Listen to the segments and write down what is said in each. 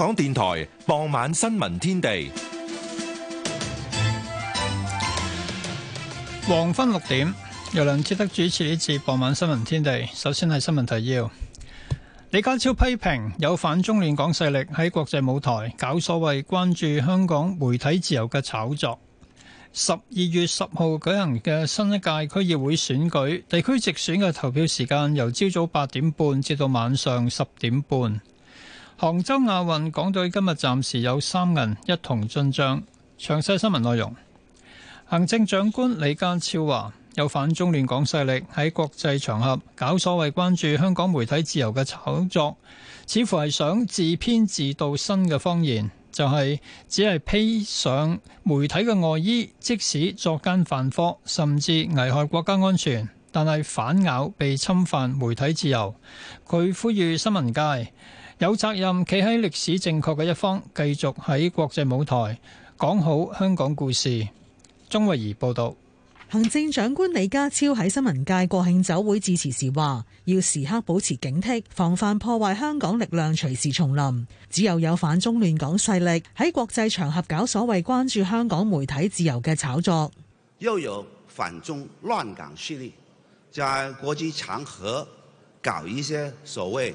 香港電台傍晚新聞天地，黃昏六點，由梁智德主持呢次傍晚新聞天地。首先係新聞提要，李家超批評有反中亂港勢力喺國際舞台搞所謂關注香港媒體自由嘅炒作。十二月十號舉行嘅新一屆區議會選舉，地區直選嘅投票時間由朝早八點半至到晚上十點半。杭州亞運，港隊今日暫時有三銀一同進帳。詳細新聞內容，行政長官李家超話：有反中亂港勢力喺國際場合搞所謂關注香港媒體自由嘅炒作，似乎係想自編自導新嘅謊言，就係、是、只係披上媒體嘅外衣，即使作奸犯科，甚至危害國家安全，但係反咬被侵犯媒體自由。佢呼籲新聞界有責任企喺歷史正確嘅一方，繼續喺國際舞台講好香港故事。鍾慧儀報導。行政長官李家超喺新聞界國慶酒會致辭時話：要時刻保持警惕，防範破壞香港力量隨時重臨。只有有反中亂港勢力喺國際場合搞所謂關注香港媒體自由嘅炒作。又有反中亂港勢力在國際場合搞一些所謂。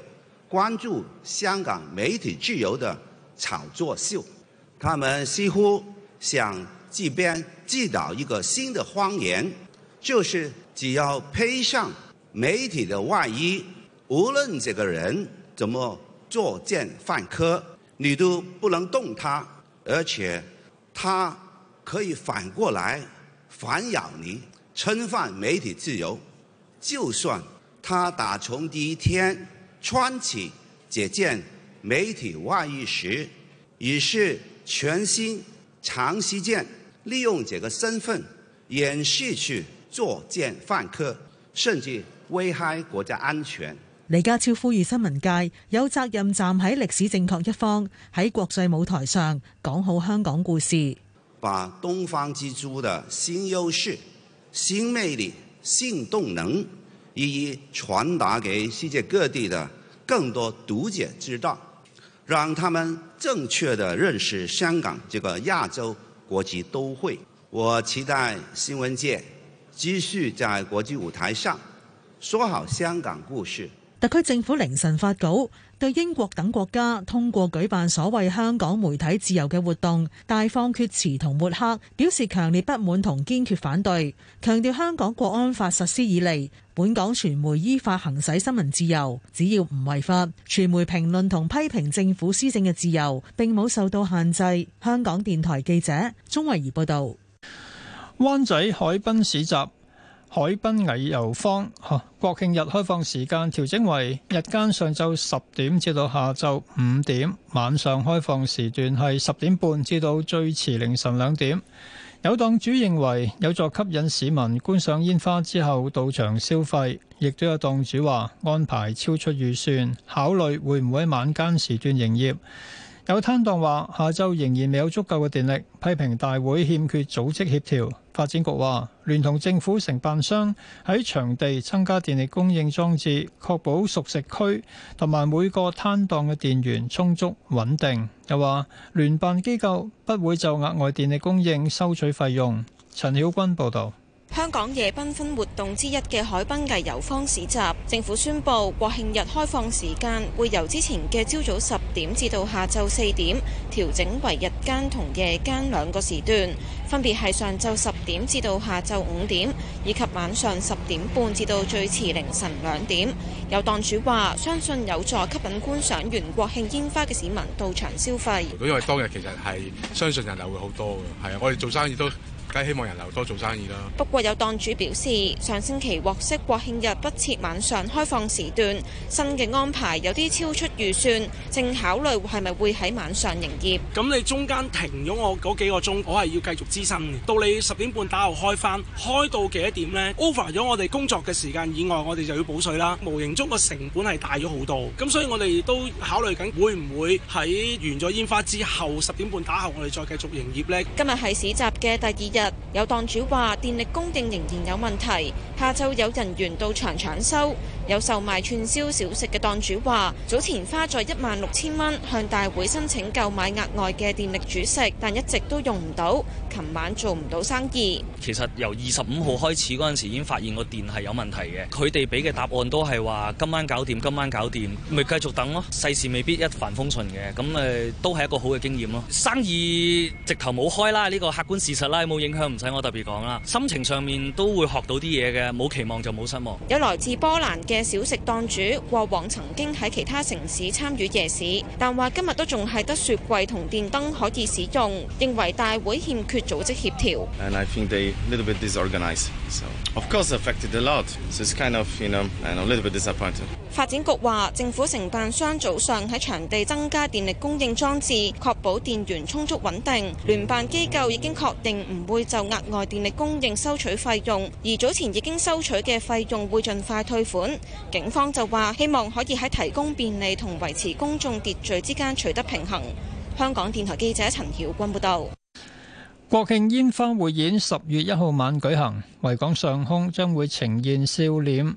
關注香港媒體自由的炒作秀，他們似乎想自編自導一個新的謊言，就是只要披上媒體的外衣，無論這個人怎麼作奸犯科，你都不能動他，而且他可以反過來反咬你，侵犯媒體自由。就算他打從第一天。川起、借建、媒體外溢時，於是全新、長時間利用這個身份演戲去作奸犯科，甚至危害國家安全。李家超呼籲新聞界有責任站喺歷史正確一方，喺國際舞台上講好香港故事，把東方之珠的新優勢、新魅力、新動能，一一傳達給世界各地的更多讀者知道，讓他們正確的認識香港這個亞洲國際都會，我期待新聞界繼續在國際舞台上，說好香港故事。特區政府凌晨發稿，對英國等國家通過舉辦所謂香港媒體自由嘅活動，大放厥詞同抹黑，表示強烈不滿同堅決反對。強調香港國安法實施以嚟，本港傳媒依法行使新聞自由，只要唔違法，傳媒評論同批評政府施政嘅自由，並冇受到限制。香港電台記者鍾慧儀報道，灣仔海濱市集。海濱藝遊坊國慶日開放時間調整為日間上晝十點至到下晝五點，晚上開放時段係十點半至到最遲凌晨兩點。有檔主認為有助吸引市民觀賞煙花之後到場消費，亦都有檔主話安排超出預算，考慮會唔會喺晚間時段營業。有攤檔話：下晝仍然未有足夠嘅電力，批評大會欠缺組織協調。發展局話：聯同政府承辦商喺場地增加電力供應裝置，確保熟食區同埋每個攤檔嘅電源充足穩定。又話聯辦機構不會就額外電力供應收取費用。陳曉君報導。香港夜繽紛活動之一嘅海濱藝遊坊市集，政府宣布國慶日開放時間會由之前嘅朝早十點至到下晝四點，調整為日間同夜間兩個時段，分別係上晝十點至到下晝五點，以及晚上十點半至到最遲凌晨兩點。有檔主話，相信有助吸引觀賞完國慶煙花嘅市民到場消費。都因為當日其實係相信人流會好多嘅，係啊，我哋做生意都。希望人流多做生意啦。不過有檔主表示，上星期獲悉國慶日不設晚上開放時段，新嘅安排有啲超出預算，正考慮係咪會喺晚上營業。咁你中間停咗我嗰幾個鐘，我係要繼續諮詢。到你十點半打後開翻，開到幾多點呢？Over 咗我哋工作嘅時間以外，我哋就要補稅啦。無形中個成本係大咗好多。咁所以我哋都考慮緊會唔會喺完咗煙花之後十點半打後，我哋再繼續營業呢？今日係市集嘅第二日。有檔主話：電力供應仍然有問題，下晝有人員到場搶修。有售賣串燒小食嘅檔主話：早前花咗一萬六千蚊向大會申請購買額外嘅電力煮食，但一直都用唔到。琴晚做唔到生意。其實由二十五號開始嗰陣時已經發現個電係有問題嘅，佢哋俾嘅答案都係話今晚搞掂，今晚搞掂，咪繼續等咯。世事未必一帆風順嘅，咁誒、呃、都係一個好嘅經驗咯。生意直頭冇開啦，呢、這個客觀事實啦，冇影響，唔使我特別講啦。心情上面都會學到啲嘢嘅，冇期望就冇失望。有來自波蘭嘅。嘅小食檔主話，過往曾經喺其他城市參與夜市，但話今日都仲係得雪櫃同電燈可以使用。認為大會欠缺組織協調。發展局話，政府承辦商早上喺場地增加電力供應裝置，確保電源充足穩定。聯辦機構已經確定唔會就額外電力供應收取費用，而早前已經收取嘅費用會盡快退款。警方就話，希望可以喺提供便利同維持公眾秩序之間取得平衡。香港電台記者陳曉君報道。國慶煙花匯演十月一號晚舉行，維港上空將會呈現笑臉。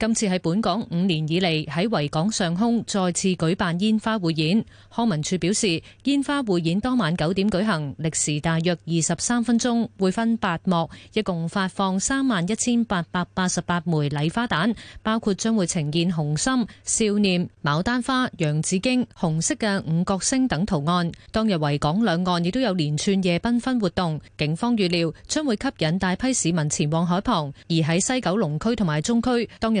今次喺本港五年以嚟喺維港上空再次舉辦煙花匯演，康文署表示，煙花匯演當晚九點舉行，歷時大約二十三分鐘，會分八幕，一共發放三萬一千八百八十八枚禮花彈，包括將會呈現紅心、笑臉、牡丹花、洋紫荊、紅色嘅五角星等圖案。當日維港兩岸亦都有連串夜繽紛活動，警方預料將會吸引大批市民前往海旁，而喺西九龍區同埋中區，當日，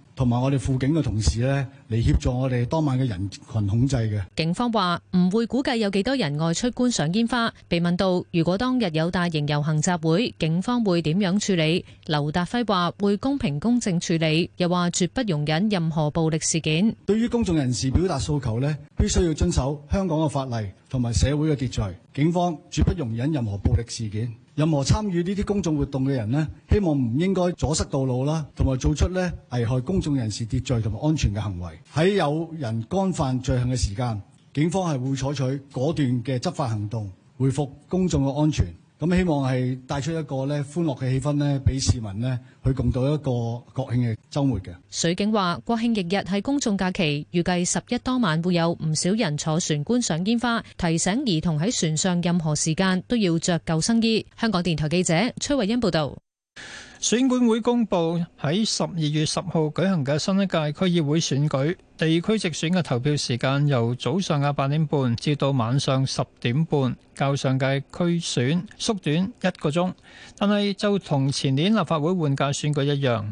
同埋我哋輔警嘅同事呢，嚟協助我哋當晚嘅人群控制嘅。警方話唔會估計有幾多人外出觀賞煙花。被問到如果當日有大型遊行集會，警方會點樣處理？劉達輝話會公平公正處理，又話絕不容忍任何暴力事件。對於公眾人士表達訴求呢，必須要遵守香港嘅法例同埋社會嘅秩序。警方絕不容忍任何暴力事件。任何參與呢啲公眾活動嘅人咧，希望唔應該阻塞道路啦，同埋做出咧危害公眾人士秩序同安全嘅行為。喺有人干犯罪行嘅時間，警方係會採取果斷嘅執法行動，回復公眾嘅安全。咁希望係帶出一個咧歡樂嘅氣氛咧，俾市民咧去共度一個國慶嘅週末嘅。水警話：國慶日日係公眾假期，預計十一當晚會有唔少人坐船觀賞煙花。提醒兒童喺船上任何時間都要着救生衣。香港電台記者崔慧欣報道。選管會公布喺十二月十號舉行嘅新一屆區議會選舉地區直選嘅投票時間由早上嘅八點半至到晚上十點半，較上屆區選縮短一個鐘。但係就同前年立法會換屆選舉一樣，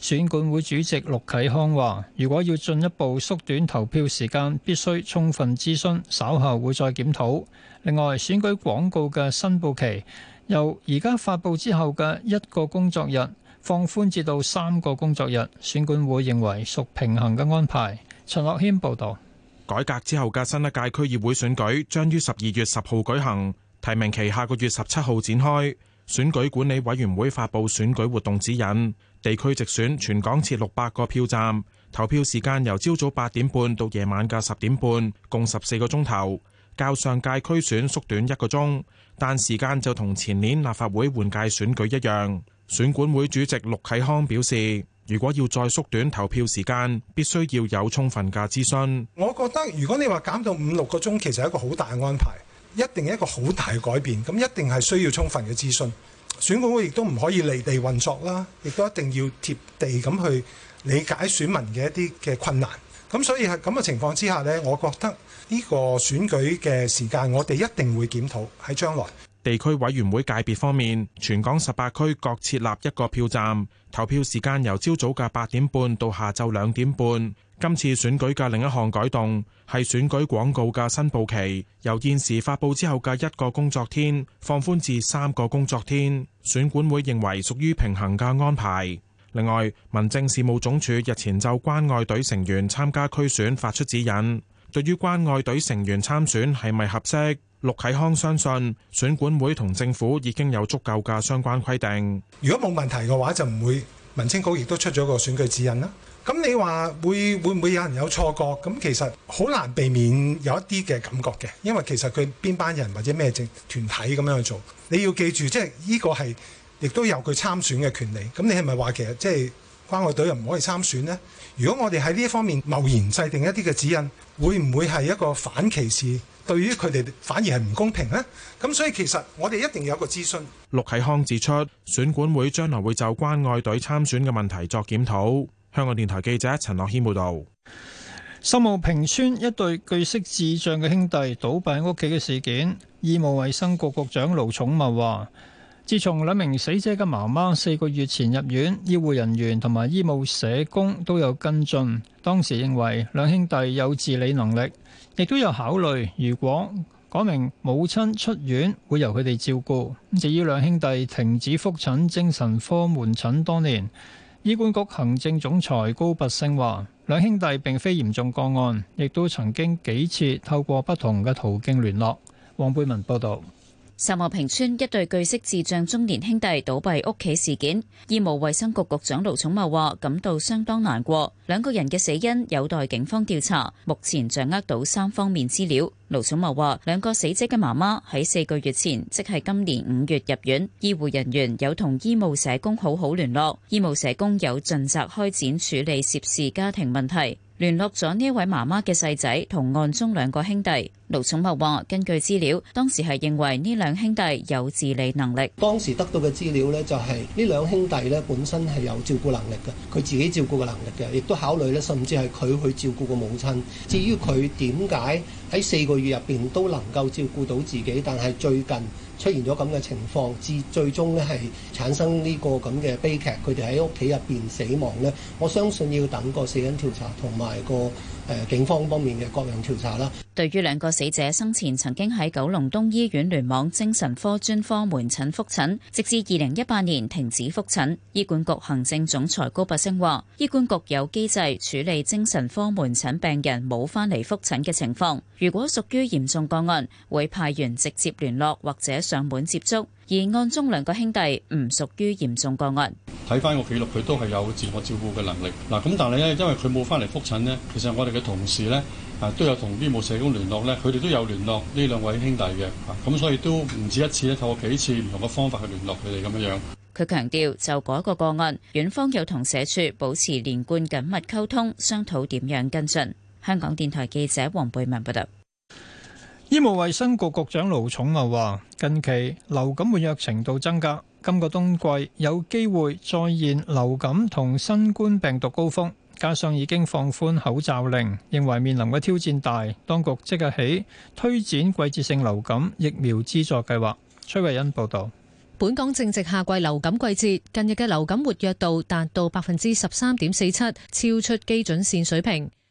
選管會主席陸啟康話，如果要進一步縮短投票時間，必須充分諮詢，稍後會再檢討。另外，選舉廣告嘅申報期。由而家發布之後嘅一個工作日，放寬至到三個工作日，選管會認為屬平衡嘅安排。陳樂軒報導。改革之後嘅新一屆區議會選舉將於十二月十號舉行，提名期下個月十七號展開。選舉管理委員會發布選舉活動指引，地區直選全港設六百個票站，投票時間由朝早八點半到夜晚嘅十點半，共十四個鐘頭，較上屆區選縮短一個鐘。但時間就同前年立法會換屆選舉一樣，選管會主席陸啟康表示，如果要再縮短投票時間，必須要有充分嘅諮詢。我覺得如果你話減到五六個鐘，其實係一個好大嘅安排，一定係一個好大嘅改變，咁一定係需要充分嘅諮詢。選管會亦都唔可以離地運作啦，亦都一定要貼地咁去理解選民嘅一啲嘅困難。咁所以喺咁嘅情況之下咧，我覺得呢個選舉嘅時間，我哋一定會檢討喺將來。地區委員會界別方面，全港十八區各設立一個票站，投票時間由朝早嘅八點半到下晝兩點半。今次選舉嘅另一項改動，係選舉廣告嘅申報期，由現時發布之後嘅一個工作天放寬至三個工作天。選管會認為屬於平衡嘅安排。另外，民政事務總署日前就關愛隊成員參加區選發出指引。對於關愛隊成員參選係咪合適，陸啟康相信選管會同政府已經有足夠嘅相關規定。如果冇問題嘅話，就唔會。民政局亦都出咗個選舉指引啦。咁你話會會唔會有人有錯覺？咁其實好難避免有一啲嘅感覺嘅，因為其實佢邊班人或者咩政團體咁樣去做。你要記住，即係呢個係。亦都有佢參選嘅權利，咁你係咪話其實即係關愛隊又唔可以參選呢？如果我哋喺呢一方面貿然制定一啲嘅指引，會唔會係一個反歧視？對於佢哋反而係唔公平呢？咁所以其實我哋一定要有個諮詢。陸啟康指出，選管會將來會就關愛隊參選嘅問題作檢討。香港電台記者陳樂軒報道。秀茂坪邨一對據悉智障嘅兄弟倒斃屋企嘅事件，醫務衛生局局長盧寵茂話。自從兩名死者嘅媽媽四個月前入院，醫護人員同埋醫務社工都有跟進，當時認為兩兄弟有自理能力，亦都有考慮如果嗰名母親出院，會由佢哋照顧。至於兩兄弟停止復診精神科門診多年，醫管局行政總裁高拔昇話：兩兄弟並非嚴重個案，亦都曾經幾次透過不同嘅途徑聯絡。黃貝文報道。岑木坪村一對據悉智障中年兄弟倒斃屋企事件，醫務衛生局局長盧寵茂話感到相當難過。兩個人嘅死因有待警方調查，目前掌握到三方面資料。盧寵茂話，兩個死者嘅媽媽喺四個月前，即係今年五月入院，醫護人員有同醫務社工好好聯絡，醫務社工有盡責開展處理涉事家庭問題。聯絡咗呢位媽媽嘅細仔同案中兩個兄弟，盧寵茂話：根據資料，當時係認為呢兩兄弟有自理能力。當時得到嘅資料呢、就係，就係呢兩兄弟咧本身係有照顧能力嘅，佢自己照顧嘅能力嘅，亦都考慮咧，甚至係佢去照顧個母親。至於佢點解喺四個月入邊都能夠照顧到自己，但係最近，出現咗咁嘅情況，至最終咧係產生呢個咁嘅悲劇，佢哋喺屋企入邊死亡咧。我相信要等個死因調查同埋個。誒警方方面嘅各種調查啦。對於兩個死者生前曾經喺九龍東醫院聯網精神科專科門診覆診，直至二零一八年停止覆診，醫管局行政總裁高拔陞話：醫管局有機制處理精神科門診病人冇返嚟覆診嘅情況，如果屬於嚴重個案，會派員直接聯絡或者上門接觸。而案中兩個兄弟唔屬於嚴重個案。睇返個記錄，佢都係有自我照顧嘅能力。嗱，咁但係咧，因為佢冇返嚟覆診呢，其實我哋嘅同事咧，啊，都有同醫務社工聯絡咧，佢哋都有聯絡呢兩位兄弟嘅。啊，咁所以都唔止一次咧，透過幾次唔同嘅方法去聯絡佢哋咁樣。佢強調，就嗰一個個案，院方有同社署保持連貫緊密溝通，商討點樣跟進。香港電台記者黃貝文報道。醫務衛生局局長盧寵茂話：近期流感活躍程度增加，今個冬季有機會再現流感同新冠病毒高峰，加上已經放寬口罩令，認為面臨嘅挑戰大。當局即日起推展季節性流感疫苗資助計劃。崔慧欣報道：本港正值夏季流感季節，近日嘅流感活躍度達到百分之十三點四七，超出基準線水平。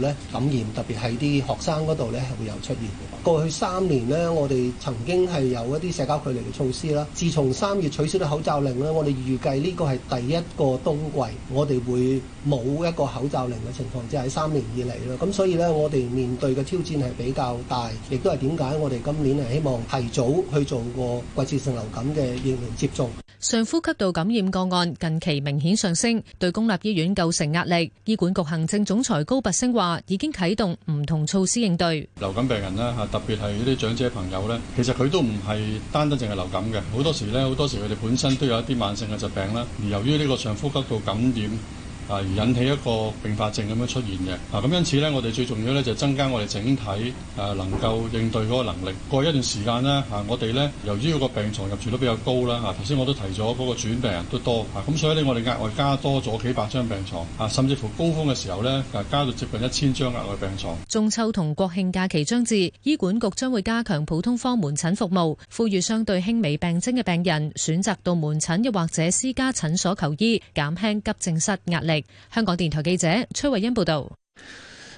咧感染特別係啲學生嗰度咧係會有出現。過去三年咧，我哋曾經係有一啲社交距離嘅措施啦。自從三月取消咗口罩令咧，我哋預計呢個係第一個冬季，我哋會冇一個口罩令嘅情況，就喺三年以嚟啦。咁所以咧，我哋面對嘅挑戰係比較大，亦都係點解我哋今年係希望提早去做個季節性流感嘅疫苗接種。上呼吸道感染個案近期明顯上升，對公立醫院構成壓力。醫管局行政總裁高拔昇話。已經啟動唔同措施應對流感病人啦，吓特別係呢啲長者朋友咧，其實佢都唔係單單淨係流感嘅，好多時咧，好多時佢哋本身都有一啲慢性嘅疾病啦，而由於呢個上呼吸道感染。而引起一個併發症咁樣出現嘅。嗱、啊，咁因此呢，我哋最重要呢，就增加我哋整體啊，能夠應對嗰個能力。過一段時間呢，啊，我哋呢，由於個病床入住率比較高啦，啊，頭先我都提咗嗰個轉病人都多，咁、啊啊、所以呢，我哋額外加多咗幾百張病床，啊，甚至乎高峰嘅時候呢，啊，加到接近一千張額外病床。中秋同國慶假期將至，醫管局將會加強普通科門診服務，呼籲相對輕微病徵嘅病人選擇到門診又或者私家診所求醫，減輕急症室壓力。香港電台記者崔慧欣報道，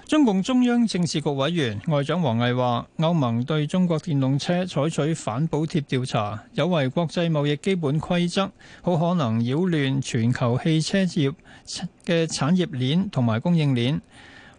中共中央政治局委員外長王毅話：歐盟對中國電動車採取反補貼調查，有違國際貿易基本規則，好可能擾亂全球汽車業嘅產業鏈同埋供應鏈。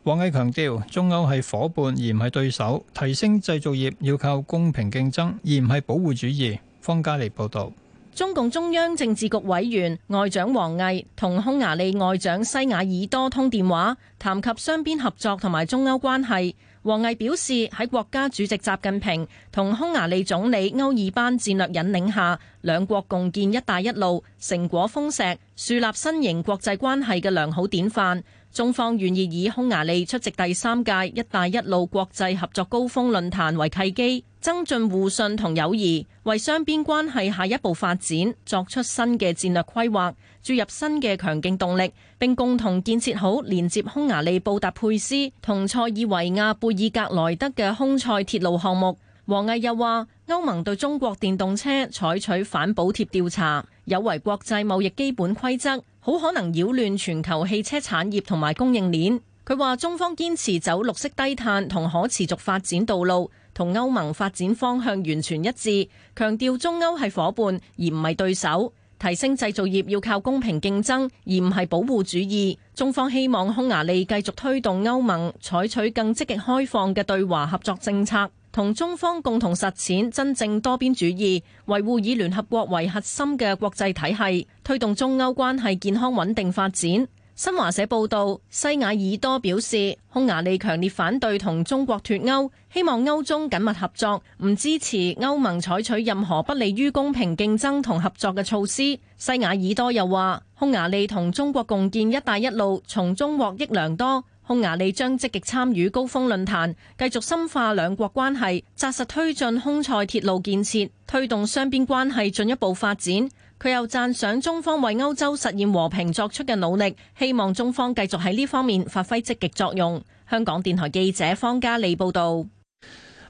王毅強調，中歐係夥伴而唔係對手，提升製造業要靠公平競爭，而唔係保護主義。方家莉報道。中共中央政治局委員外長王毅同匈牙利外長西雅爾多通電話，談及雙邊合作同埋中歐關係。王毅表示喺國家主席習近平同匈牙利總理歐爾班戰略引領下，兩國共建“一帶一路”成果豐碩，樹立新型國際關係嘅良好典範。中方願意以匈牙利出席第三屆「一帶一路」國際合作高峰論壇為契機，增進互信同友誼，為雙邊關係下一步發展作出新嘅戰略規劃，注入新嘅強勁動力，並共同建設好連接匈牙利布達佩斯同塞爾維亞貝爾格萊德嘅匈塞鐵路項目。王毅又話：歐盟對中國電動車採取反補貼調查，有違國際貿易基本規則。好可能擾亂全球汽車產業同埋供應鏈。佢話中方堅持走綠色低碳同可持續發展道路，同歐盟發展方向完全一致，強調中歐係伙伴，而唔係對手，提升製造業要靠公平競爭，而唔係保護主義。中方希望匈牙利繼續推動歐盟採取更積極開放嘅對華合作政策。同中方共同實踐真正多邊主義，維護以聯合國為核心嘅國際體系，推動中歐關係健康穩定發展。新華社報導，西雅爾多表示，匈牙利強烈反對同中國脫歐，希望歐中緊密合作，唔支持歐盟採取任何不利於公平競爭同合作嘅措施。西雅爾多又話，匈牙利同中國共建一帶一路，從中獲益良多。匈牙利將積極參與高峰論壇，繼續深化兩國關係，扎實推進匈塞鐵路建設，推動雙邊關係進一步發展。佢又讚賞中方為歐洲實現和平作出嘅努力，希望中方繼續喺呢方面發揮積極作用。香港電台記者方嘉利報道。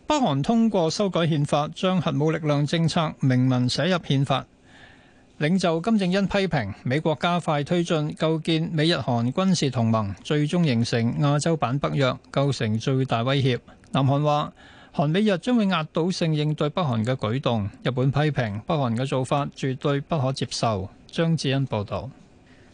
北韓通過修改憲法，將核武力量政策明文寫入憲法。領袖金正恩批評美國加快推進構建美日韓軍事同盟，最終形成亞洲版北約，構成最大威脅。南韓話韓美日將會壓倒性應對北韓嘅舉動。日本批評北韓嘅做法絕對不可接受。張志恩報導。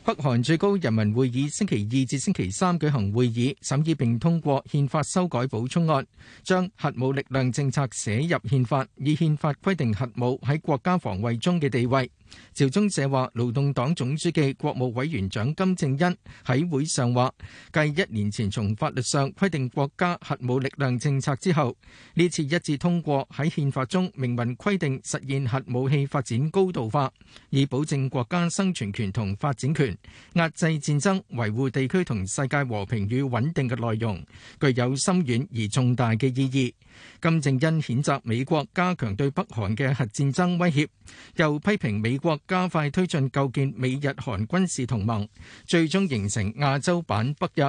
北韓最高人民會議星期二至星期三舉行會議，審議並通過憲法修改補充案，將核武力量政策寫入憲法，以憲法規定核武喺國家防衛中嘅地位。朝中社話，勞動黨總書記、國務委員長金正恩喺會上話，繼一年前從法律上規定國家核武力量政策之後，呢次一致通過喺憲法中明文規定實現核武器發展高度化，以保證國家生存權同發展權、壓制戰爭、維護地區同世界和平與穩定嘅內容，具有深遠而重大嘅意義。金正恩譴責美國加強對北韓嘅核戰爭威脅，又批評美。國加快推進構建美日韓軍事同盟，最終形成亞洲版北約，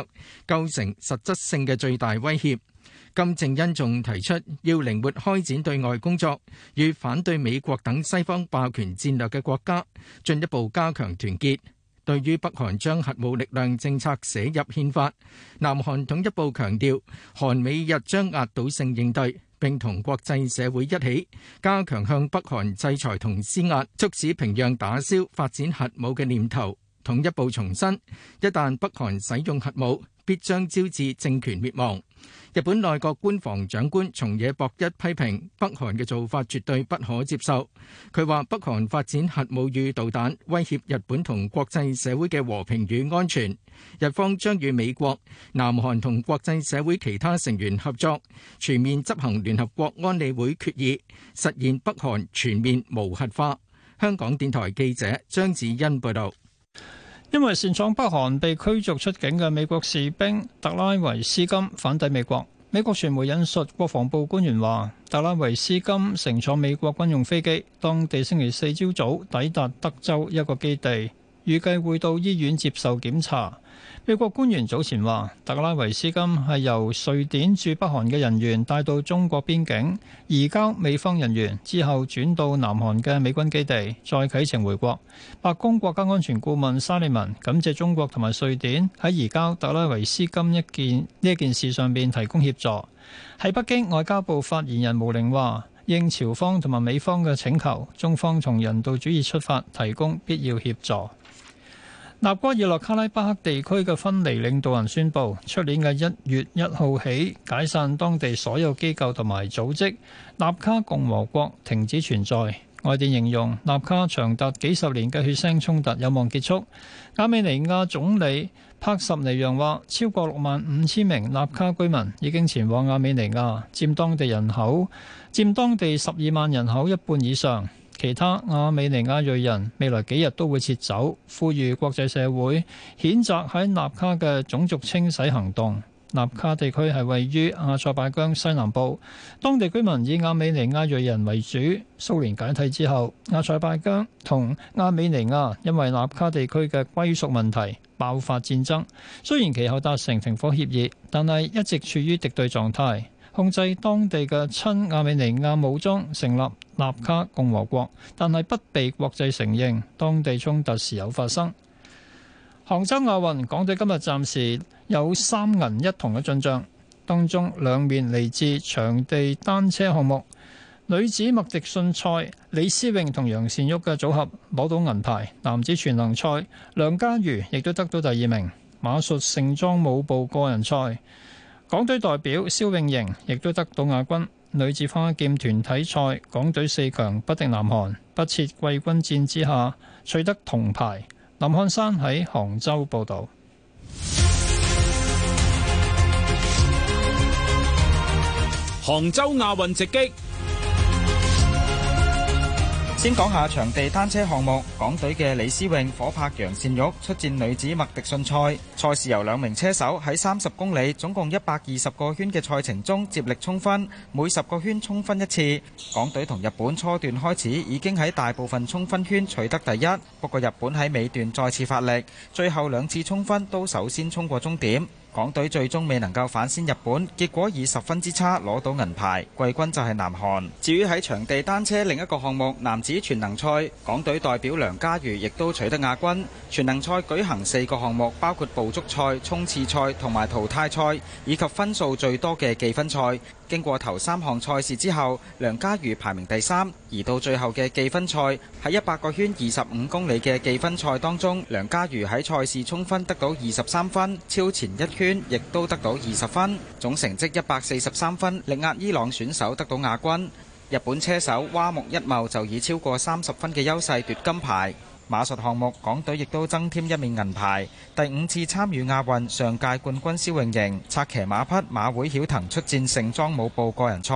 構成實質性嘅最大威脅。金正恩仲提出要靈活開展對外工作，與反對美國等西方霸權戰略嘅國家進一步加強團結。對於北韓將核武力量政策寫入憲法，南韓統一部強調韓美日將壓倒性應對。並同國際社會一起加強向北韓制裁同施壓，促使平壤打消發展核武嘅念頭。統一部重申，一旦北韓使用核武，必將招致政權滅亡。日本內閣官房長官松野博一批評北韓嘅做法絕對不可接受。佢話北韓發展核武與導彈，威脅日本同國際社會嘅和平與安全。日方將與美國、南韓同國際社會其他成員合作，全面執行聯合國安理會決議，實現北韓全面無核化。香港電台記者張子欣報道。因為擅闖北韓被驅逐出境嘅美國士兵特拉維斯金返抵美國，美國傳媒引述國防部官員話，特拉維斯金乘坐美國軍用飛機，當地星期四朝早抵達德州一個基地。預計會到醫院接受檢查。美國官員早前話，特拉維斯金係由瑞典駐北韓嘅人員帶到中國邊境，移交美方人員，之後轉到南韓嘅美軍基地，再啟程回國。白宮國家安全顧問沙利文，感謝中國同埋瑞典喺移交特拉維斯金一件呢一件事上邊提供協助。喺北京，外交部發言人毛寧話，應朝方同埋美方嘅請求，中方從人道主義出發，提供必要協助。納戈爾諾卡拉巴克地區嘅分離領導人宣布，出年嘅一月一號起解散當地所有機構同埋組織，納卡共和國停止存在。外電形容，納卡長達幾十年嘅血腥衝突有望結束。亞美尼亞總理帕什尼揚話，超過六萬五千名納卡居民已經前往亞美尼亞占當地人口，佔當地十二萬人口一半以上。其他亞美尼亞裔人未來幾日都會撤走，呼籲國際社會譴責喺納卡嘅種族清洗行動。納卡地區係位於阿塞拜疆西南部，當地居民以亞美尼亞裔人為主。蘇聯解體之後，阿塞拜疆同亞美尼亞因為納卡地區嘅歸屬問題爆發戰爭，雖然其後達成停火協議，但係一直處於敵對狀態。控制當地嘅親亞美尼亞武裝成立納卡共和國，但係不被國際承認。當地衝突時有發生。杭州亞運，港隊今日暫時有三銀一銅嘅進賬，當中兩面嚟自場地單車項目，女子麥迪遜賽李思穎同楊善玉嘅組合攞到銀牌，男子全能賽梁家瑜亦都得到第二名，馬術盛裝舞步個人賽，港隊代表蕭穎瑩亦都得到亞軍，女子花劍團體賽港隊四強不敵南韓，不設季軍戰之下取得銅牌。林漢山喺杭州報道。杭州亞運直擊。先講下場地單車項目，港隊嘅李思穎，夥拍楊倩玉出戰女子麥迪遜賽。賽事由兩名車手喺三十公里，總共一百二十個圈嘅賽程中接力衝分，每十個圈衝分一次。港隊同日本初段開始已經喺大部分衝分圈取得第一，不過日本喺尾段再次發力，最後兩次衝分都首先衝過終點。港隊最終未能夠反先日本，結果以十分之差攞到銀牌，季軍就係南韓。至於喺場地單車另一個項目男子全能賽，港隊代表梁家瑜亦都取得亞軍。全能賽舉行四個項目，包括捕捉賽、衝刺賽、同埋淘汰賽，以及分數最多嘅記分賽。經過頭三項賽事之後，梁家瑜排名第三，而到最後嘅計分賽喺一百個圈二十五公里嘅計分賽當中，梁家瑜喺賽事衝分得到二十三分，超前一圈，亦都得到二十分，總成績一百四十三分，力壓伊朗選手得到亞軍。日本車手蛙木一茂就以超過三十分嘅優勢奪金牌。馬術項目，港隊亦都增添一面銀牌。第五次參與亞運，上屆冠軍蕭泳盈策騎馬匹馬會曉騰出戰盛裝舞步個人賽。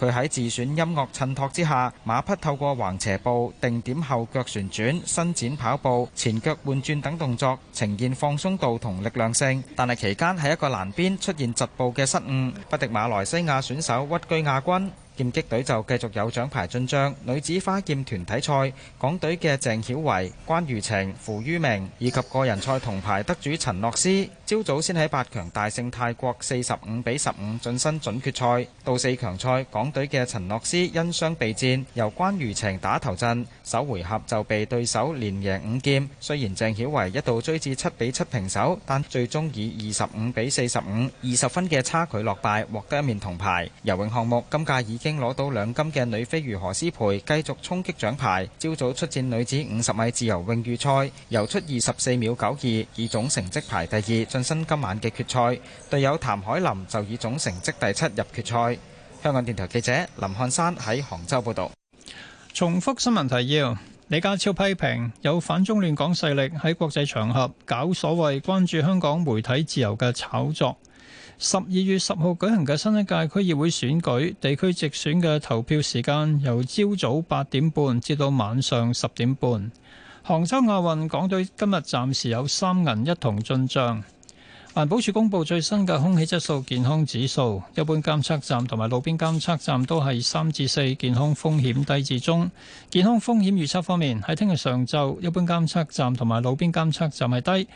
佢喺自選音樂襯托之下，馬匹透過橫斜步、定點後腳旋轉、伸展跑步、前腳換轉等動作呈現放鬆度同力量性，但係期間喺一個欄邊出現疾步嘅失誤，不敵馬來西亞選手屈居亞軍。劍擊隊就繼續有獎牌進賬，女子花劍團體賽，港隊嘅鄭曉維、關如晴、符於明以及個人賽銅牌得主陳諾斯，朝早先喺八強大勝泰國四十五比十五晉身準決賽。到四強賽，港隊嘅陳諾斯因傷備戰，由關如晴打頭陣，首回合就被對手連贏五劍。雖然鄭曉維一度追至七比七平手，但最終以二十五比四十五二十分嘅差距落敗，獲得一面銅牌。游泳項目今屆已。已經攞到兩金嘅女飛魚何詩蓓繼續衝擊獎牌，朝早出戰女子五十米自由泳預賽，游出二十四秒九二，以總成績排第二，晉身今晚嘅決賽。隊友譚海琳就以總成績第七入決賽。香港電台記者林漢山喺杭州報道。重複新聞提要：李家超批評有反中亂港勢力喺國際場合搞所謂關注香港媒體自由嘅炒作。十二月十號舉行嘅新一屆區議會選舉，地區直選嘅投票時間由朝早八點半至到晚上十點半。杭州亞運，港隊今日暫時有三銀一銅進賬。環保署公布最新嘅空氣質素健康指數，一般監測站同埋路邊監測站都係三至四，健康風險低至中。健康風險預測方面，喺聽日上晝，一般監測站同埋路邊監測站係低。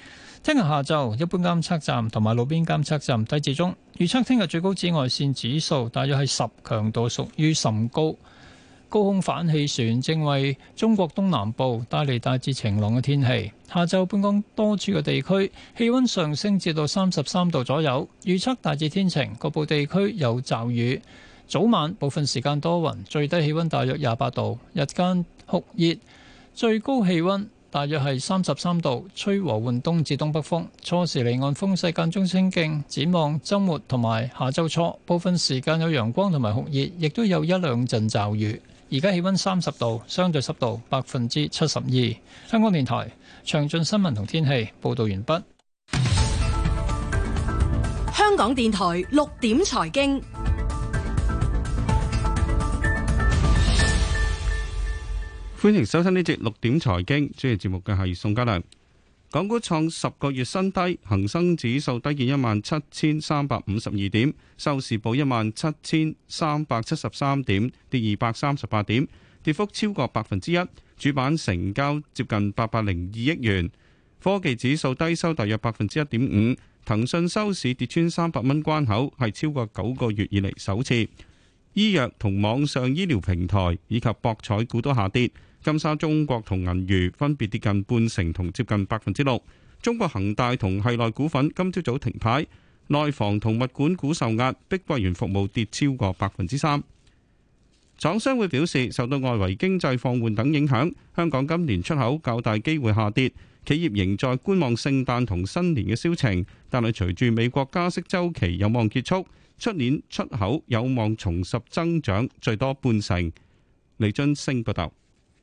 聽日下晝，一般監測站同埋路邊監測站低至中。預測，聽日最高紫外線指數大約係十，強度屬於甚高。高空反氣旋正為中國東南部帶嚟大致晴朗嘅天氣。下晝本港多處嘅地區氣温上升至到三十三度左右，預測大致天晴，局部地區有驟雨。早晚部分時間多雲，最低氣温大約廿八度，日間酷熱，最高氣温。大約係三十三度，吹和緩東至東北風，初時離岸風勢間中清勁。展望周末同埋下周初，部分時間有陽光同埋酷熱，亦都有一兩陣驟雨。而家氣温三十度，相對濕度百分之七十二。香港電台詳盡新聞同天氣報道完畢。香港電台六點財經。歡迎收聽呢節六點財經，主持節目嘅係宋家良。港股創十個月新低，恒生指數低見一萬七千三百五十二點，收市報一萬七千三百七十三點，跌二百三十八點，跌幅超過百分之一。主板成交接近八百零二億元，科技指數低收大約百分之一點五。騰訊收市跌穿三百蚊關口，係超過九個月以嚟首次。醫藥同網上醫療平台以及博彩股都下跌，金沙中國同銀娛分別跌近半成同接近百分之六。中國恒大同系內股份今朝早停牌，內房同物管股受壓，碧桂園服務跌超過百分之三。廠商會表示，受到外圍經濟放緩等影響，香港今年出口較大機會下跌，企業仍在觀望聖誕同新年嘅銷情，但係隨住美國加息周期有望結束。出年出口有望重拾增長，最多半成。李津升報道，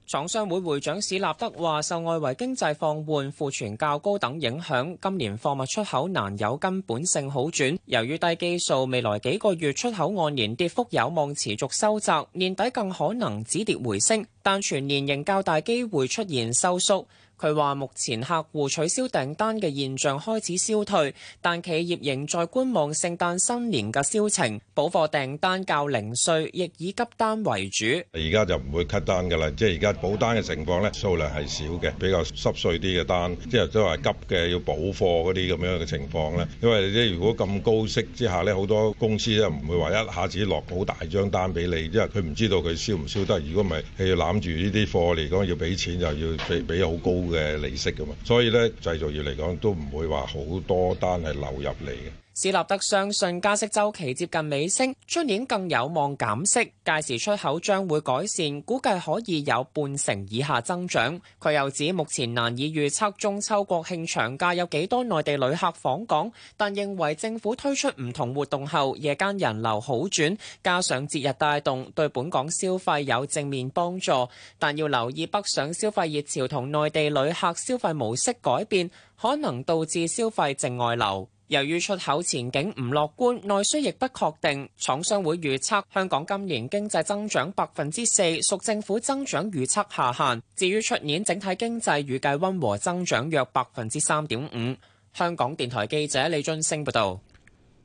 廠商會會長史立德話：受外圍經濟放緩、庫存較高等影響，今年貨物出口難有根本性好轉。由於低基數，未來幾個月出口按年跌幅有望持續收窄，年底更可能止跌回升。但全年仍較大機會出現收縮。佢話目前客戶取消訂單嘅現象開始消退，但企業仍在觀望聖誕新年嘅銷情，補貨訂單較零碎，亦以急單為主。而家就唔會 cut 單嘅啦，即係而家補單嘅情況呢，數量係少嘅，比較濕碎啲嘅單，即係都係急嘅要補貨嗰啲咁樣嘅情況咧。因為你如果咁高息之下呢，好多公司咧唔會話一下子落好大張單俾你，因為佢唔知道佢銷唔銷得。如果唔係諗住呢啲貨嚟講要畀錢又要畀好高嘅利息㗎嘛，所以呢製造業嚟講都唔會話好多單係流入嚟嘅。史立德相信加息週期接近尾聲，出年更有望減息，屆時出口將會改善，估計可以有半成以下增長。佢又指，目前難以預測中秋國慶長假有幾多內地旅客訪港，但認為政府推出唔同活動後，夜間人流好轉，加上節日帶動，對本港消費有正面幫助。但要留意北上消費熱潮同內地旅客消費模式改變，可能導致消費淨外流。由於出口前景唔樂觀，內需亦不確定，廠商會預測香港今年經濟增長百分之四，屬政府增長預測下限。至於出年整體經濟預計溫和增長約百分之三點五。香港電台記者李俊升報導。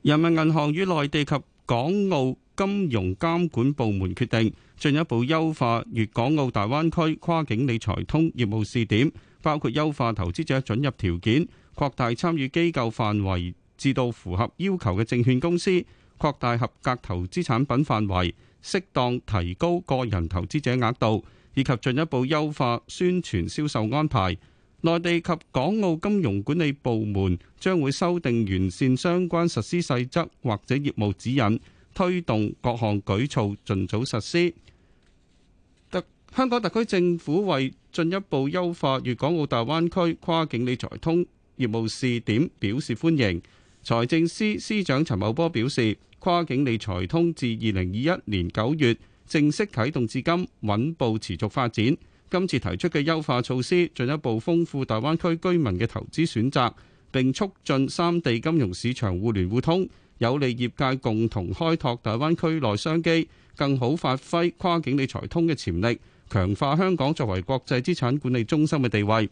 人民銀行與內地及港澳金融監管部門決定進一步優化粵港澳大灣區跨境理財通業務試點，包括優化投資者准入條件，擴大參與機構範圍。至到符合要求嘅證券公司，擴大合格投資產品範圍，適當提高個人投資者額度，以及進一步優化宣傳銷售安排。內地及港澳金融管理部門將會修訂完善相關實施細則或者業務指引，推動各項舉措盡早實施。特香港特區政府為進一步優化粵港澳大灣區跨境理財通業務試點表示歡迎。財政司司長陳茂波表示，跨境理財通自二零二一年九月正式啟動至今，穩步持續發展。今次提出嘅優化措施，進一步豐富大灣區居民嘅投資選擇，並促進三地金融市場互聯互通，有利業界共同開拓大灣區內商機，更好發揮跨境理財通嘅潛力，強化香港作為國際資產管理中心嘅地位。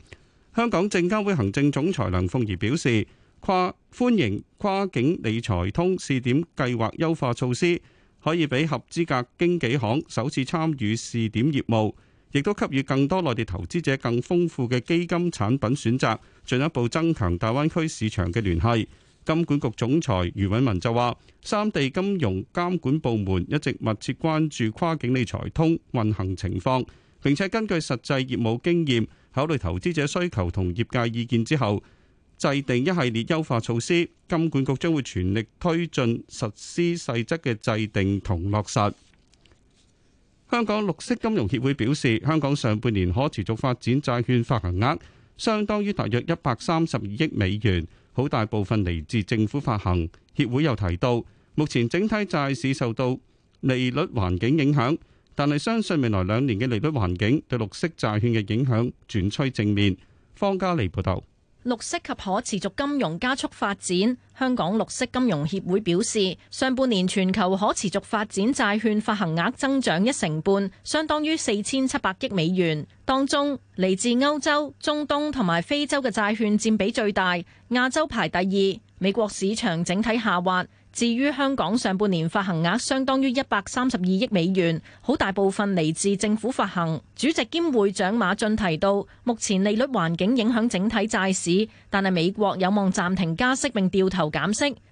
香港證監會行政總裁梁鳳儀表示：跨歡迎跨境理財通試點計劃優化措施，可以俾合資格經紀行首次參與試點業務，亦都給予更多內地投資者更豐富嘅基金產品選擇，進一步增強大灣區市場嘅聯繫。金管局總裁余偉文就話三地金融監管部門一直密切關注跨境理財通運行情況，並且根據實際業務經驗考慮投資者需求同業界意見之後。制定一系列優化措施，金管局將會全力推進實施細則嘅制定同落實。香港綠色金融協會表示，香港上半年可持續發展債券發行額相當於大約一百三十二億美元，好大部分嚟自政府發行。協會又提到，目前整體債市受到利率環境影響，但係相信未來兩年嘅利率環境對綠色債券嘅影響轉趨正面。方嘉利報道。綠色及可持續金融加速發展，香港綠色金融協會表示，上半年全球可持續發展債券發行額增長一成半，相當於四千七百億美元。當中，嚟自歐洲、中東同埋非洲嘅債券佔比最大，亞洲排第二，美國市場整體下滑。至於香港上半年發行額相當於一百三十二億美元，好大部分嚟自政府發行。主席兼會長馬俊提到，目前利率環境影響整體債市，但係美國有望暫停加息並掉頭減息。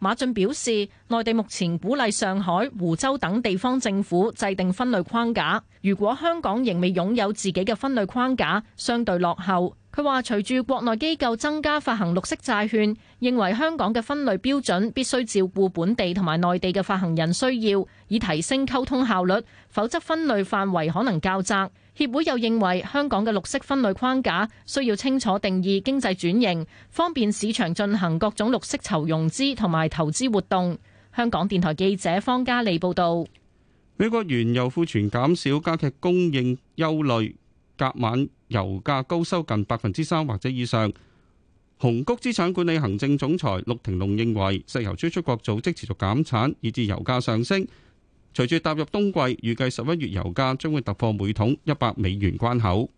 馬俊表示，內地目前鼓勵上海、湖州等地方政府制定分類框架。如果香港仍未擁有自己嘅分類框架，相對落後。佢話，隨住國內機構增加發行綠色債券，認為香港嘅分類標準必須照顧本地同埋內地嘅發行人需要，以提升溝通效率，否則分類範圍可能較窄。協會又認為，香港嘅綠色分類框架需要清楚定義經濟轉型，方便市場進行各種綠色籌融資同埋投資活動。香港電台記者方嘉莉報導。美國原油庫存減少，加劇供應憂慮，隔晚油價高收近百分之三或者以上。紅谷資產管理行政總裁陸廷龍認為，石油輸出國組織持續減產，以至油價上升。隨住踏入冬季，預計十一月油價將會突破每桶一百美元關口。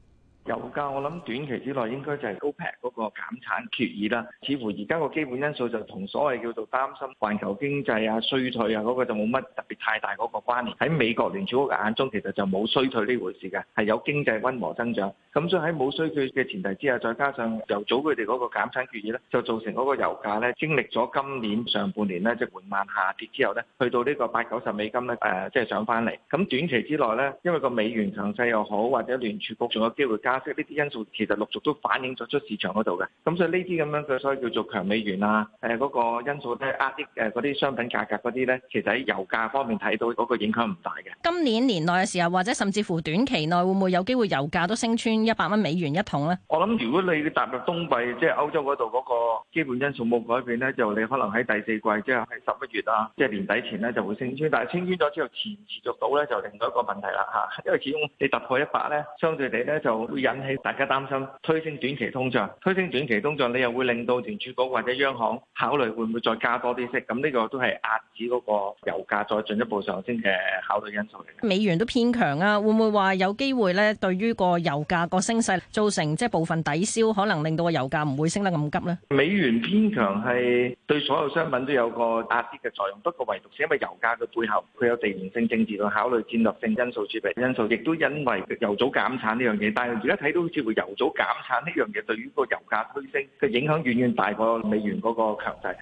有㗎，油價我諗短期之內應該就係高 p e c 嗰個減產決議啦。似乎而家個基本因素就同所謂叫做擔心全球經濟啊、衰退啊嗰個就冇乜特別太大嗰個關聯。喺美國聯儲局眼中其實就冇衰退呢回事㗎，係有經濟溫和增長。咁所以喺冇衰退嘅前提之下，再加上由早佢哋嗰個減產決議咧，就造成嗰個油價咧經歷咗今年上半年咧即係緩慢下跌之後咧，去到個呢個八九十美金咧誒，即係上翻嚟。咁短期之內咧，因為個美元強勢又好，或者聯儲局仲有機會加。呢啲因素其實陸續都反映咗出市場嗰度嘅，咁所以呢啲咁樣嘅，所以叫做強美元啊，誒嗰個因素咧，壓抑誒啲商品價格嗰啲咧，其實喺油價方面睇到嗰個影響唔大嘅。今年年內嘅時候，或者甚至乎短期內會唔會有機會油價都升穿一百蚊美元一桶咧？我諗，如果你踏入冬季，即係歐洲嗰度嗰個基本因素冇改變咧，就你可能喺第四季，即係喺十一月啊，即係年底前咧就會升穿，但係升穿咗之後持唔持續到咧，就另一個問題啦嚇，因為始終你突破一百咧，相對地咧就。引起大家擔心推升短期通脹，推升短期通脹，你又會令到聯儲局或者央行考慮會唔會再加多啲息？咁呢個都係壓止嗰個油價再進一步上升嘅考慮因素嚟。美元都偏強啊，會唔會話有機會咧？對於個油價個升勢造成即係、就是、部分抵消，可能令到個油價唔會升得咁急咧？美元偏強係對所有商品都有個壓啲嘅作用，不過唯獨係因為油價嘅背後佢有地緣性政治嘅考慮、戰略性因素儲備因素，亦都因為油早減產呢樣嘢，但係。而家睇到好似會油組減產呢樣嘢，對於個油價推升嘅影響，遠遠大過美元嗰個強勢。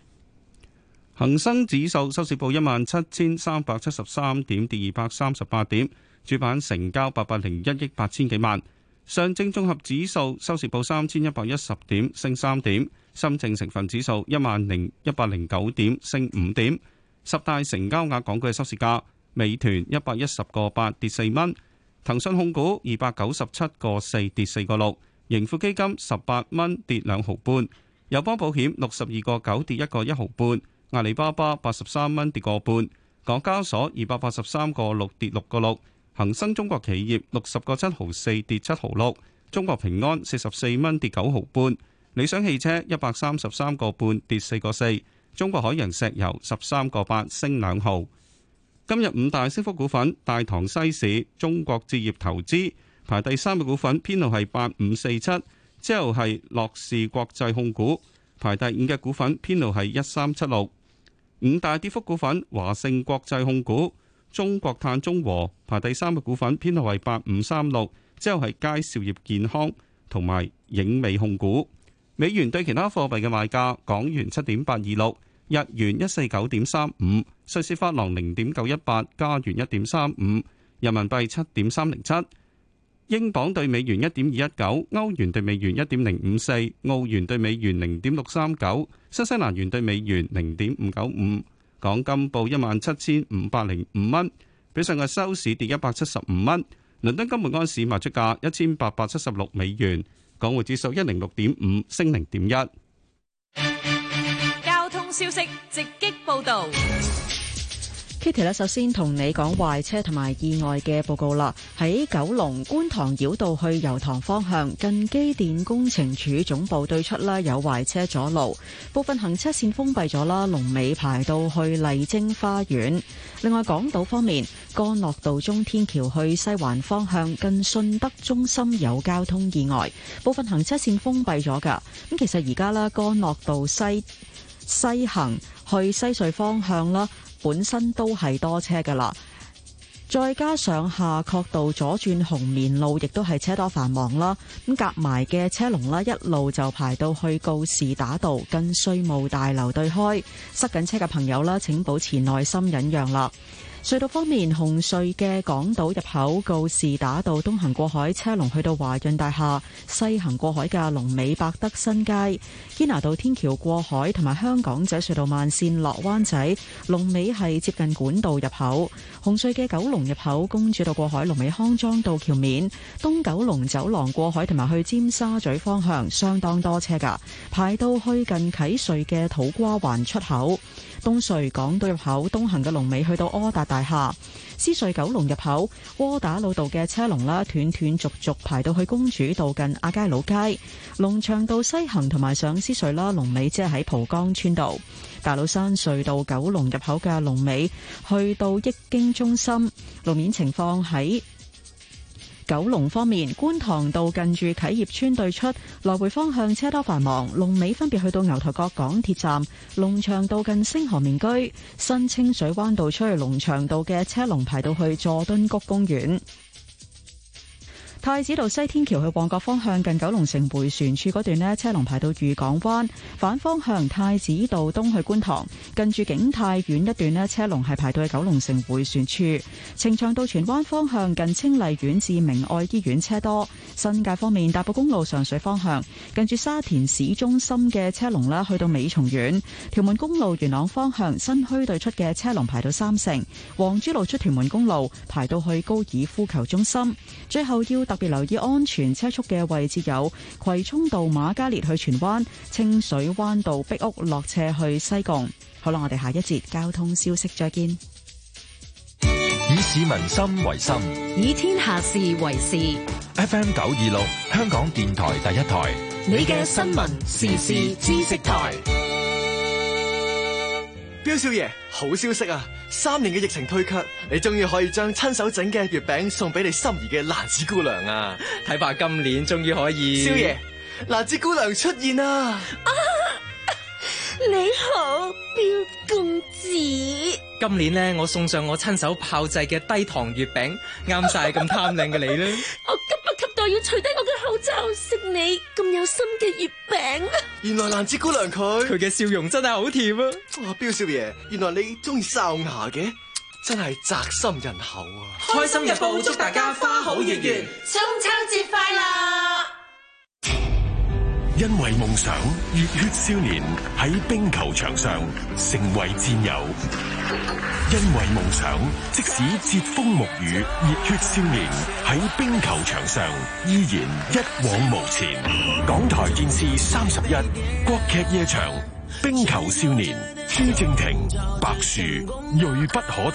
恒生指數收市報一萬七千三百七十三點，跌二百三十八點。主板成交八百零一億八千幾萬。上證綜合指數收市報三千一百一十點，升三點。深證成分指數一萬零一百零九點，升五點。十大成交額港股嘅收市價，美團一百一十個八跌四蚊。騰訊控股二百九十七個四跌四個六，盈富基金十八蚊跌兩毫半，友邦保險六十二個九跌一個一毫半，阿里巴巴八十三蚊跌個半，港交所二百八十三個六跌六個六，恒生中國企業六十個七毫四跌七毫六，中國平安四十四蚊跌九毫半，理想汽車一百三十三個半跌四個四，中國海洋石油十三個八升兩毫。今日五大升幅股份：大唐西市、中國置業投資排第三嘅股份，編號係八五四七；之後係樂視國際控股排第五嘅股份，編號係一三七六。五大跌幅股份：華盛國際控股、中國碳中和排第三嘅股份，編號係八五三六；之後係佳兆業健康同埋影美控股。美元對其他貨幣嘅賣價：港元七點八二六。日元一四九點三五，瑞士法郎零點九一八，加元一點三五，人民幣七點三零七，英鎊對美元一點二一九，歐元對美元一點零五四，澳元對美元零點六三九，新西蘭元對美元零點五九五，港金報一萬七千五百零五蚊，比上日收市跌一百七十五蚊。倫敦金門安市賣出價一千八百七十六美元，港匯指數一零六點五升零點一。消息直擊報道，Kitty 咧，Katie, 首先同你講壞車同埋意外嘅報告啦。喺九龍觀塘繞道去油塘方向，近機電工程署總部對出啦，有壞車阻路，部分行車線封閉咗啦。龍尾排到去麗晶花園。另外，港島方面，干諾道中天橋去西環方向，近信德中心有交通意外，部分行車線封閉咗。噶咁其實而家咧，干諾道西。西行去西隧方向啦，本身都係多車噶啦，再加上夏愨道左轉紅棉路，亦都係車多繁忙啦。咁夾埋嘅車龍啦，一路就排到去告士打道跟稅務大樓對開，塞緊車嘅朋友啦，請保持耐心忍讓啦。隧道方面，紅隧嘅港島入口告士打道東行過海車龍去到華潤大廈，西行過海嘅龍尾百德新街，堅拿道天橋過海同埋香港仔隧道慢線落灣仔龍尾係接近管道入口。紅隧嘅九龍入口公主道過海龍尾康莊道橋面，東九龍走廊過海同埋去尖沙咀方向相當多車㗎，排到去近啟隧嘅土瓜灣出口。東隧港島入口東行嘅龍尾去到柯達大廈，獅隧九龍入口窩打老道嘅車龍啦，斷斷續續排到去公主道近亞皆老街，龍翔道西行同埋上獅隧啦，龍尾即係喺蒲崗村道，大老山隧道九龍入口嘅龍尾去到益京中心，路面情況喺。九龍方面，觀塘道近住啟業邨對出來回方向車多繁忙，龍尾分別去到牛頭角港鐵站、龍翔道近星河明居、新清水灣道出去龍翔道嘅車龍排到去佐敦谷公園。太子道西天橋去旺角方向，近九龍城回旋處嗰段呢，車龍排到御港灣；反方向太子道東去觀塘，近住景泰苑一段呢，車龍係排到去九龍城回旋處。呈祥道荃灣方向近清麗苑至明愛醫院車多。新界方面，大埔公路上水方向近住沙田市中心嘅車龍啦，去到美松苑。屯門公路元朗方向新墟對出嘅車龍排到三成。黃珠路出屯門公路排到去高爾夫球中心。最後要特別留意安全車速嘅位置有葵涌道瑪嘉烈去荃灣，清水灣道壁屋落斜去西貢。好啦，我哋下一節交通消息再見。以市民心為心，以天下事為事。FM 九二六，香港電台第一台，你嘅新聞時事知識台。彪少爺，好消息啊！三年嘅疫情退卻，你終於可以將親手整嘅月餅送俾你心儀嘅辣子姑娘啊！睇怕今年終於可以。少爺，辣子姑娘出現啦，啊！你好，彪公子。今年呢，我送上我親手炮製嘅低糖月餅，啱晒咁貪靚嘅你呢 我今。我要除低我嘅口罩，食你咁有心嘅月餅。原來蘭子姑娘佢佢嘅笑容真係好甜啊！哇，彪少爺，原來你中意刷牙嘅，真係宅心人口啊！開心日報祝大家花好月圓，中秋節快樂。因為夢想，熱血少年喺冰球場上成為戰友。因為夢想，即使櫛風沐雨，熱血少年喺冰球場上依然一往無前。港台電視三十一，國劇夜場，《冰球少年》朱正廷、白澍，銳不可擋。